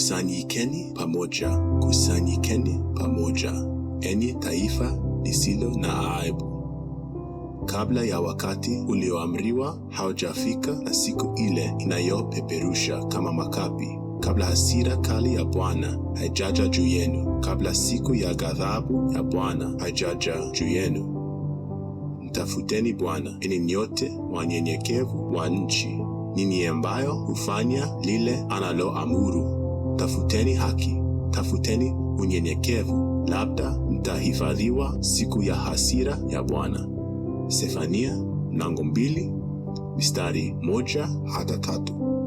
Kusanyikeni pamoja, kusanyikeni pamoja, enyi taifa lisilo na aibu, kabla ya wakati ulioamriwa haujafika, na siku ile inayopeperusha kama makapi, kabla hasira kali ya Bwana haijaja juu yenu, kabla siku ya ghadhabu ya Bwana haijaja juu yenu. Mtafuteni Bwana, enyi nyote wanyenyekevu wa nchi, nini ambayo hufanya lile analoamuru Tafuteni haki, tafuteni unyenyekevu, labda mtahifadhiwa siku ya hasira ya Bwana. Sefania mlango mbili mstari moja hata tatu.